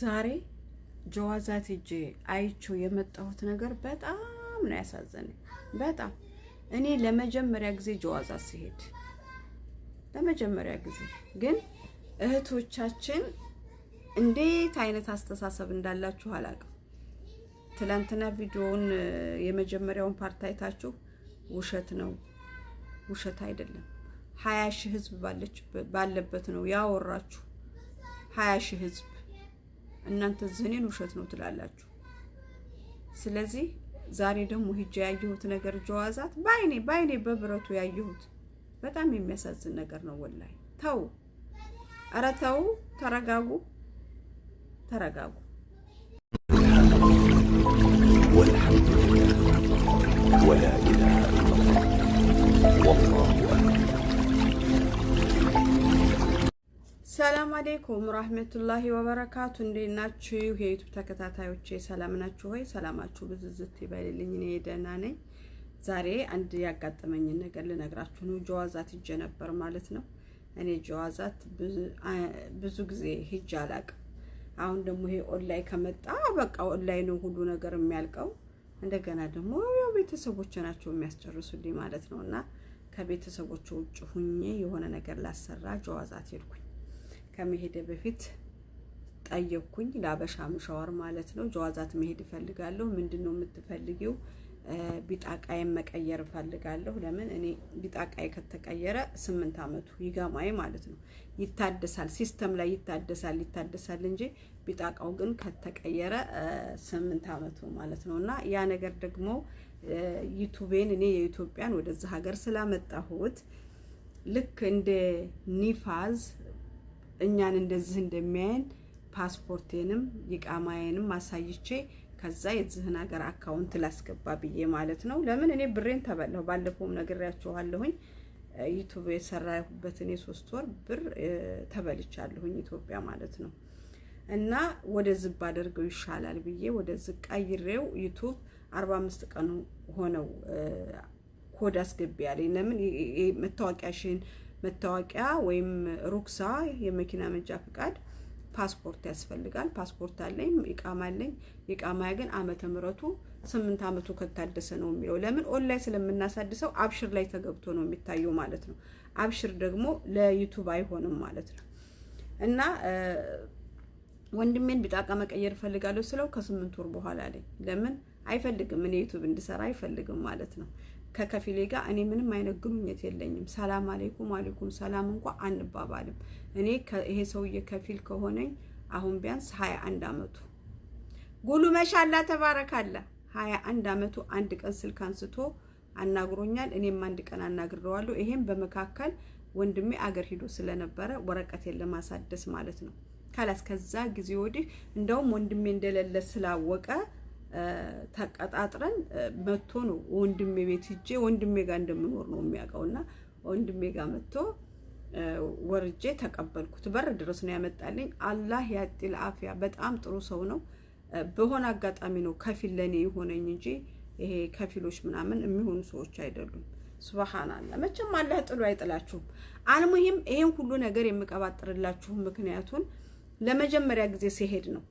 ዛሬ ጀዋዛት ሂጄ አይቼው የመጣሁት ነገር በጣም ነው ያሳዘነኝ። በጣም እኔ ለመጀመሪያ ጊዜ ጀዋዛት ሲሄድ ለመጀመሪያ ጊዜ ግን እህቶቻችን እንዴት አይነት አስተሳሰብ እንዳላችሁ አላውቅም። ትላንትና ቪዲዮውን የመጀመሪያውን ፓርት አይታችሁ ውሸት ነው ውሸት አይደለም፣ ሀያ ሺህ ህዝብ ባለበት ነው ያወራችሁ ሀያ ሺህ ህዝብ እናንተ ዝኔን ውሸት ነው ትላላችሁ። ስለዚህ ዛሬ ደግሞ ሂጃ ያየሁት ነገር ጀዋዛት ባይኔ ባይኔ በብረቱ ያየሁት በጣም የሚያሳዝን ነገር ነው። ወላሂ ተው፣ ኧረ ተው፣ ተረጋጉ፣ ተረጋጉ። ወላ ሰላም አሌይኩም ራህመቱላሂ ወበረካቱ። እንዴት ናችሁ የዩቱብ ተከታታዮቼ? ሰላም ናችሁ ሆይ? ሰላማችሁ ብዝዝት ይበልልኝ። እኔ ደህና ነኝ። ዛሬ አንድ ያጋጠመኝን ነገር ልነግራችሁ ነው። ጀዋዛት ሂጄ ነበር ማለት ነው። እኔ ጀዋዛት ብዙ ጊዜ ሂጄ አላቅም። አሁን ደግሞ ይሄ ኦንላይን ከመጣ በቃ ኦንላይን ነው ሁሉ ነገር የሚያልቀው። እንደገና ደግሞ ያው ቤተሰቦች ናቸው የሚያስጨርሱልኝ ማለት ነው። እና ከቤተሰቦች ውጭ ሁኜ የሆነ ነገር ላሰራ ጀዋዛት ሄድኩኝ ከመሄደ በፊት ጠየቅኩኝ። ለአበሻ ሻወር ማለት ነው። ጀዋዛት መሄድ እፈልጋለሁ። ምንድን ነው የምትፈልጊው? ቢጣቃዬን መቀየር እፈልጋለሁ። ለምን እኔ ቢጣቃዬ ከተቀየረ ስምንት አመቱ ይገማዬ ማለት ነው። ይታደሳል፣ ሲስተም ላይ ይታደሳል፣ ይታደሳል እንጂ ቢጣቃው ግን ከተቀየረ ስምንት አመቱ ማለት ነው። እና ያ ነገር ደግሞ ዩቱቤን እኔ የኢትዮጵያን ወደዚህ ሀገር ስላመጣሁት ልክ እንደ ኒፋዝ እኛን እንደዚህ እንደሚያየን ፓስፖርቴንም ይቃማዬንም አሳይቼ ከዛ የዚህን ሀገር አካውንት ላስገባ ብዬ ማለት ነው። ለምን እኔ ብሬን ተበላሁ። ባለፈውም ነግሬያችኋለሁኝ። ዩቱብ የሰራሁበትን የሶስት ወር ብር ተበልቻለሁኝ ኢትዮጵያ ማለት ነው። እና ወደ ዝብ አደርገው ይሻላል ብዬ ወደ ዝብ ቀይሬው ዩቱብ አርባ አምስት ቀኑ ሆነው ኮድ አስገቢ ያለኝ ለምን መታወቂያሽን መታወቂያ ወይም ሩክሳ የመኪና መንጃ ፍቃድ ፓስፖርት ያስፈልጋል። ፓስፖርት አለኝ፣ ኢቃማ አለኝ። ኢቃማ ግን አመተ ምህረቱ ስምንት ዓመቱ ከታደሰ ነው የሚለው። ለምን ኦንላይን ስለምናሳድሰው አብሽር ላይ ተገብቶ ነው የሚታየው ማለት ነው። አብሽር ደግሞ ለዩቱብ አይሆንም ማለት ነው እና ወንድሜን ቢጣቃ መቀየር እፈልጋለሁ ስለው ከስምንት ወር በኋላ ላይ ለምን አይፈልግም እኔ ዩቱብ እንድሰራ አይፈልግም ማለት ነው። ከከፊሌ ጋር እኔ ምንም አይነት ግንኙነት የለኝም። ሰላም አሌይኩም አሌይኩም ሰላም እንኳ አንባባልም። እኔ ይሄ ሰውዬ ከፊል ከሆነኝ አሁን ቢያንስ ሀያ አንድ አመቱ ጉሉ መሻላ ተባረካለ። ሀያ አንድ አመቱ አንድ ቀን ስልክ አንስቶ አናግሮኛል። እኔም አንድ ቀን አናግረዋለሁ። ይሄም በመካከል ወንድሜ አገር ሂዶ ስለነበረ ወረቀቴን ለማሳደስ ማለት ነው ካላስ ከዛ ጊዜ ወዲህ እንደውም ወንድሜ እንደሌለ ስላወቀ ተቀጣጥረን መጥቶ ነው ወንድሜ ቤት ሂጄ ወንድሜ ጋር እንደምኖር ነው የሚያውቀውና ወንድሜ ጋር መጥቶ ወርጄ ተቀበልኩት። በር ድረስ ነው ያመጣልኝ። አላህ ያጢል አፍያ። በጣም ጥሩ ሰው ነው። በሆነ አጋጣሚ ነው ከፊል ለእኔ የሆነኝ እንጂ ይሄ ከፊሎች ምናምን የሚሆኑ ሰዎች አይደሉም። ስብሓናላ መቼም አላህ ጥሎ አይጥላችሁም። አልሙሂም ይሄን ሁሉ ነገር የምቀባጥርላችሁ ምክንያቱን ለመጀመሪያ ጊዜ ሲሄድ ነው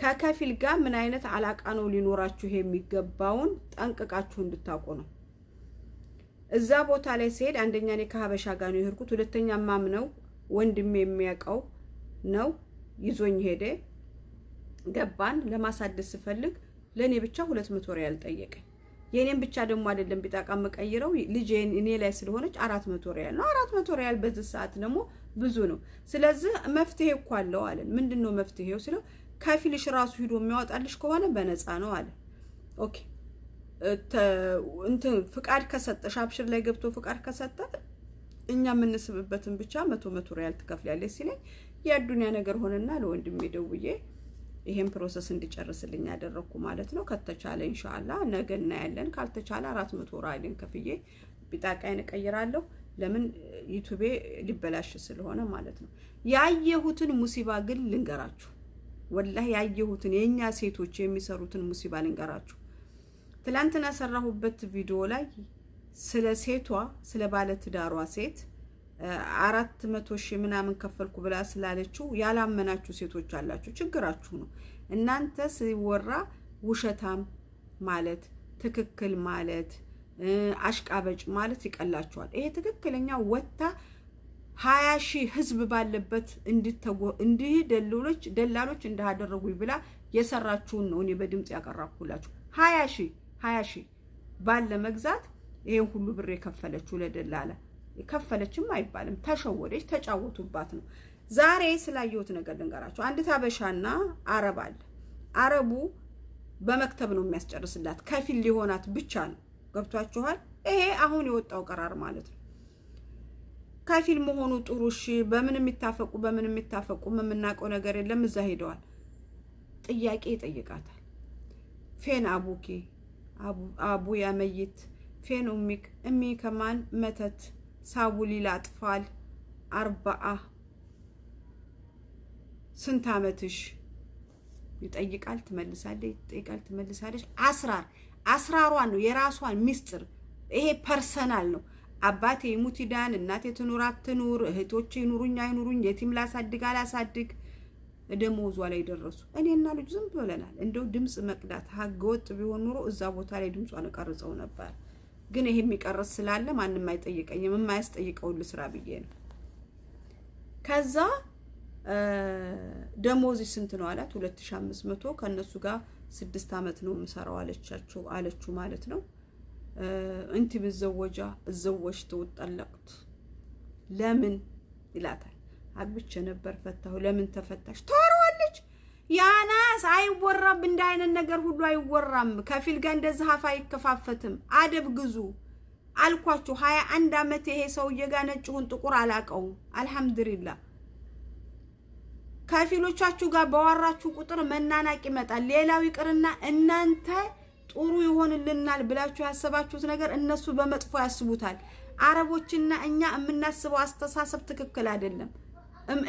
ከከፊል ጋር ምን አይነት አላቃ ነው ሊኖራችሁ የሚገባውን ጠንቅቃችሁ እንድታውቁ ነው። እዛ ቦታ ላይ ሲሄድ አንደኛ እኔ ከሀበሻ ጋር ነው የሄድኩት። ሁለተኛ ማም ነው ወንድሜ የሚያውቀው ነው ይዞኝ ሄደ። ገባን። ለማሳደስ ስፈልግ ለእኔ ብቻ ሁለት መቶ ሪያል ጠየቀኝ። የእኔም ብቻ ደግሞ አይደለም ቢጣቃ መቀይረው ልጅ እኔ ላይ ስለሆነች አራት መቶ ሪያል ነው። አራት መቶ ሪያል በዚህ ሰዓት ደግሞ ብዙ ነው። ስለዚህ መፍትሄ እኮ አለው አለን። ምንድን ነው መፍትሄው ስለው ከፊልሽ ራሱ ሂዶ የሚያወጣልሽ ከሆነ በነፃ ነው አለ። ኦኬ እንትን ፍቃድ ከሰጠሽ አብሽር ላይ ገብቶ ፍቃድ ከሰጠ እኛ የምንስብበትን ብቻ መቶ መቶ ሪያል ትከፍላለች ሲለኝ የአዱኒያ ነገር ሆነና ለወንድሜ ደውዬ ይሄን ፕሮሰስ እንዲጨርስልኝ ያደረግኩ ማለት ነው። ከተቻለ እንሻላ ነገ እናያለን። ካልተቻለ አራት መቶ ራይልን ከፍዬ ቢጣቃይን እቀይራለሁ። ለምን ዩቱቤ ሊበላሽ ስለሆነ ማለት ነው። ያየሁትን ሙሲባ ግን ልንገራችሁ። ወላህ ያየሁትን የእኛ ሴቶች የሚሰሩትን ሙሲባ ልንገራችሁ። ትላንትና ሰራሁበት ቪዲዮ ላይ ስለ ሴቷ ስለ ባለትዳሯ ሴት አራት መቶ ሺህ ምናምን ከፈልኩ ብላ ስላለችው ያላመናችሁ ሴቶች አላችሁ። ችግራችሁ ነው። እናንተ ሲወራ ውሸታም ማለት ትክክል ማለት አሽቃበጭ ማለት ይቀላችኋል። ይሄ ትክክለኛ ወታ ሀያ ሺህ ህዝብ ባለበት እንዲህ ደሎሎች ደላሎች እንዳደረጉኝ ብላ የሰራችሁን ነው እኔ በድምፅ ያቀረብኩላችሁ። ሀያ ሺህ ሀያ ሺህ ባለ መግዛት ይሄን ሁሉ ብር የከፈለችው ለደላለ ከፈለችም አይባልም፣ ተሸወደች፣ ተጫወቱባት ነው። ዛሬ ስላየሁት ነገር ልንገራችሁ። አንዲት አበሻና አረብ አለ። አረቡ በመክተብ ነው የሚያስጨርስላት፣ ከፊል ሊሆናት ብቻ ነው። ገብቷችኋል? ይሄ አሁን የወጣው ቀራር ማለት ነው። ከፊል መሆኑ ጥሩ። እሺ በምን የሚታፈቁ በምን የሚታፈቁ የምናውቀው ነገር የለም። እዛ ሄደዋል። ጥያቄ ይጠይቃታል። ፌን አቡኪ አቡ ያመይት ፌን ኡሚክ እሚ ከማን መተት ሳቡሊ ላጥፋል አርባአ ስንት አመትሽ ይጠይቃል። ትመልሳለች፣ ይጠይቃል፣ ትመልሳለች። አስራር አስራሯን ነው የራሷን ሚስጥር። ይሄ ፐርሰናል ነው አባቴ ይሙት ይዳን፣ እናቴ ትኑር አትኑር፣ እህቶቼ ይኑሩኝ አይኑሩኝ፣ የቲም ላሳድግ አላሳድግ፣ ደሞዟ ላይ ደረሱ። እኔና ልጁ ዝም ብለናል። እንደው ድምፅ መቅዳት ህገወጥ ቢሆን ኑሮ እዛ ቦታ ላይ ድምጿን ቀርጸው ነበር። ግን ይሄ የሚቀርስ ስላለ ማንም አይጠይቀኝም፣ የማያስጠይቀውን ልስራ ብዬ ነው። ከዛ ደሞዝ ስንት ነው አላት። 2500 ከእነሱ ጋር ስድስት አመት ነው የምሰራው አለቻቸው አለችው ማለት ነው እንቲ ብዘወጃ እዘወጅ ትውጠለቅት ለምን ይላታል። አግብቼ ነበር ፈታሁ። ለምን ተፈታሽ? ተወርዋለች ያናስ አይወራም። እንደ አይነት ነገር ሁሉ አይወራም። ከፊል ጋር እንደዚህ አፍ አይከፋፈትም። አደብ ግዙ አልኳችሁ። ሀያ አንድ አመት ይሄ ሰውዬ ጋር ነጭሁን ጥቁር አላቀው አልሐምድሊላ ከፊሎቻችሁ ጋር በዋራችሁ ቁጥር መናናቅ ይመጣል። ሌላው ይቅርና እናንተ ጥሩ ይሆንልናል ብላችሁ ያሰባችሁት ነገር እነሱ በመጥፎ ያስቡታል። አረቦችና እኛ የምናስበው አስተሳሰብ ትክክል አይደለም።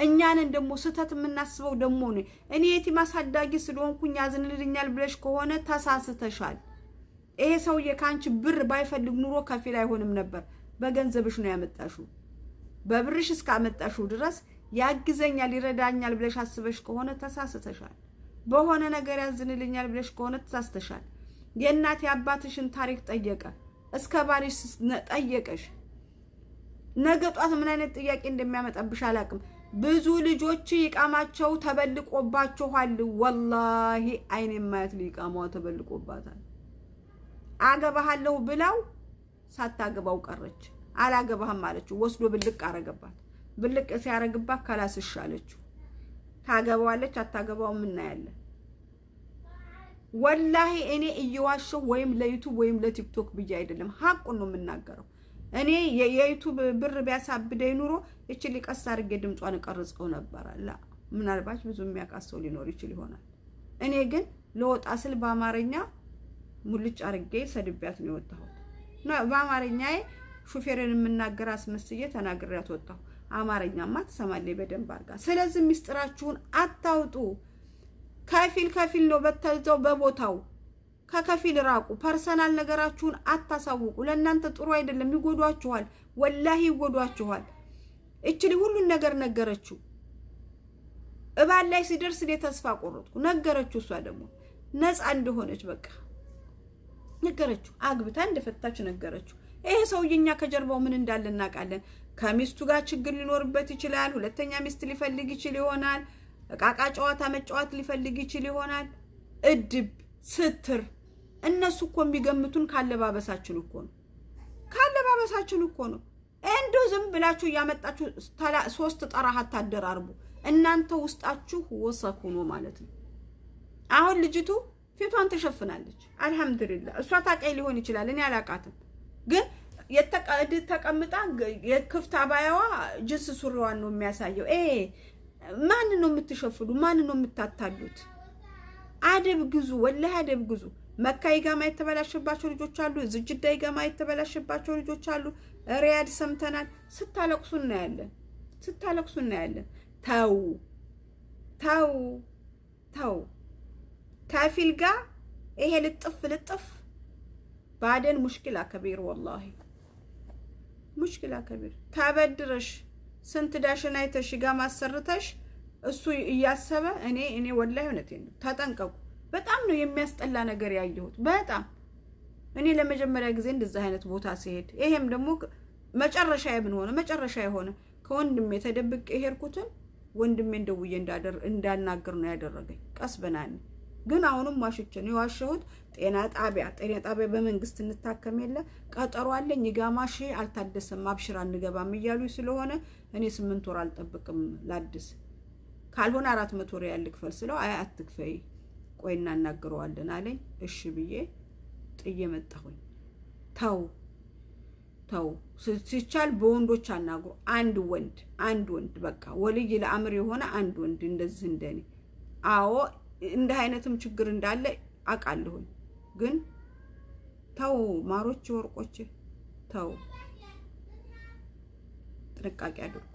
እኛንን ደግሞ ስህተት የምናስበው ደግሞ ነው። እኔ የቲም አሳዳጊ ስለሆንኩኝ ያዝንልኛል ብለሽ ከሆነ ተሳስተሻል። ይሄ ሰውዬ ከአንቺ ብር ባይፈልግ ኑሮ ከፊል አይሆንም ነበር። በገንዘብሽ ነው ያመጣሽው። በብርሽ እስካመጣሽው ድረስ ያግዘኛል፣ ይረዳኛል ብለሽ አስበሽ ከሆነ ተሳስተሻል። በሆነ ነገር ያዝንልኛል ብለሽ ከሆነ ተሳስተሻል። የእናት የአባትሽን ታሪክ ጠየቀ፣ እስከ ባልሽ ጠየቀሽ። ነገ ጧት ምን አይነት ጥያቄ እንደሚያመጣብሽ አላቅም። ብዙ ልጆች ይቃማቸው ተበልቆባችኋል። ወላሂ አይኔ የማያት ሊቃማዋ ተበልቆባታል። አገባሃለሁ ብላው ሳታገባው ቀረች። አላገባህም አለችው። ወስዶ ብልቅ አረገባት። ብልቅ ሲያረግባት ከላስሽ አለችው። ታገባዋለች አታገባው እናያለን። ወላሂ እኔ እየዋሸው ወይም ለዩቱብ ወይም ለቲክቶክ ብዬ አይደለም፣ ሀቁን ነው የምናገረው። እኔ የዩቱብ ብር ቢያሳብደኝ ኑሮ እችል ቀስ አድርጌ ድምጿን ቀርጸው ነበረ። ላ ምናልባት ብዙ የሚያውቃሰው ሊኖር ይችል ይሆናል። እኔ ግን ለወጣ ስል በአማርኛ ሙልጭ አድርጌ ሰድቢያት ነው የወጣሁት። በአማርኛዬ ሹፌርን የምናገር አስመስዬ ተናግሬያት ወጣሁ። አማርኛማ ትሰማለች በደንብ አድርጋ። ስለዚህ ሚስጥራችሁን አታውጡ። ከፊል ከፊል ነው በተዘው በቦታው ከከፊል ራቁ። ፐርሰናል ነገራችሁን አታሳውቁ። ለእናንተ ጥሩ አይደለም፣ ይጎዷችኋል። ወላሂ ይጎዷችኋል። እችል ሁሉን ነገር ነገረችው። እባል ላይ ሲደርስ እኔ ተስፋ ቆረጥኩ። ነገረችው። እሷ ደግሞ ነፃ እንደሆነች በቃ ነገረችው። አግብታ እንደፈታች ነገረችው። ይሄ ሰውዬ እኛ ከጀርባው ምን እንዳለ እናውቃለን። ከሚስቱ ጋር ችግር ሊኖርበት ይችላል። ሁለተኛ ሚስት ሊፈልግ ይችል ይሆናል እቃቃ ጨዋታ መጫወት ሊፈልግ ይችል ይሆናል። እድብ፣ ስትር እነሱ እኮ የሚገምቱን ካለባበሳችን እኮ ነው። ካለባበሳችን እኮ ነው። እንዶ ዝም ብላችሁ እያመጣችሁ ሶስት ጠራህ አታደራርቡ። እናንተ ውስጣችሁ ወሰክ ሆኖ ማለት ነው። አሁን ልጅቱ ፊቷን ተሸፍናለች። አልሐምዱሊላ እሷ ታቀይ ሊሆን ይችላል፣ እኔ አላቃትም። ግን ተቀምጣ የክፍት አባያዋ ጅንስ ሱሪዋን ነው የሚያሳየው። ማን ነው የምትሸፍዱ? ማን ነው የምታታሉት? አደብ ግዙ፣ ወላሂ አደብ ግዙ። መካ ጋማ የተበላሸባቸው ልጆች አሉ። ዝጅዳ ጋማ የተበላሸባቸው ልጆች አሉ። ሪያድ ሰምተናል። ስታለቅሱ እናያለን፣ ስታለቅሱ እናያለን። ተው ተው ተው። ከፊል ጋር ይሄ ልጥፍ ልጥፍ ባደን ሙሽኪላ ከቢር ወላሂ ሙሽኪላ ከቢር ተበድረሽ ስንት ዳሽን አይተሽ ጋ ማሰርተሽ እሱ እያሰበ እኔ እኔ ወላሂ እውነቴን ነው። ተጠንቀቁ። በጣም ነው የሚያስጠላ ነገር ያየሁት። በጣም እኔ ለመጀመሪያ ጊዜ እንደዚህ አይነት ቦታ ሲሄድ ይሄም ደግሞ መጨረሻ ምን ሆነ? መጨረሻ የሆነ ከወንድሜ ተደብቄ ሄድኩትን ወንድሜ እንደውዬ እንዳናገር ነው ያደረገኝ። ቀስ በናኔ ግን አሁንም ዋሽቼ ነው የዋሸሁት። ጤና ጣቢያ ጤና ጣቢያ በመንግስት እንታከም የለ ቀጠሮ አለኝ ይጋማሽ አልታደሰም አብሽር አንገባም እያሉ ስለሆነ እኔ ስምንት ወር አልጠብቅም ላድስ ካልሆነ አራት መቶ ወር ያል ክፈል ስለው አይ አትክፈይ ቆይ እናናግረዋለን አለኝ። እሺ ብዬ ጥዬ መጣሁኝ። ተው ተው ሲቻል በወንዶች አናግሩ። አንድ ወንድ አንድ ወንድ በቃ ወልይ ለአምር የሆነ አንድ ወንድ እንደዚህ እንደኔ አዎ እንዲህ አይነትም ችግር እንዳለ አውቃለሁኝ። ግን ተው ማሮች፣ ወርቆች ተው፣ ጥንቃቄ አድርጉ።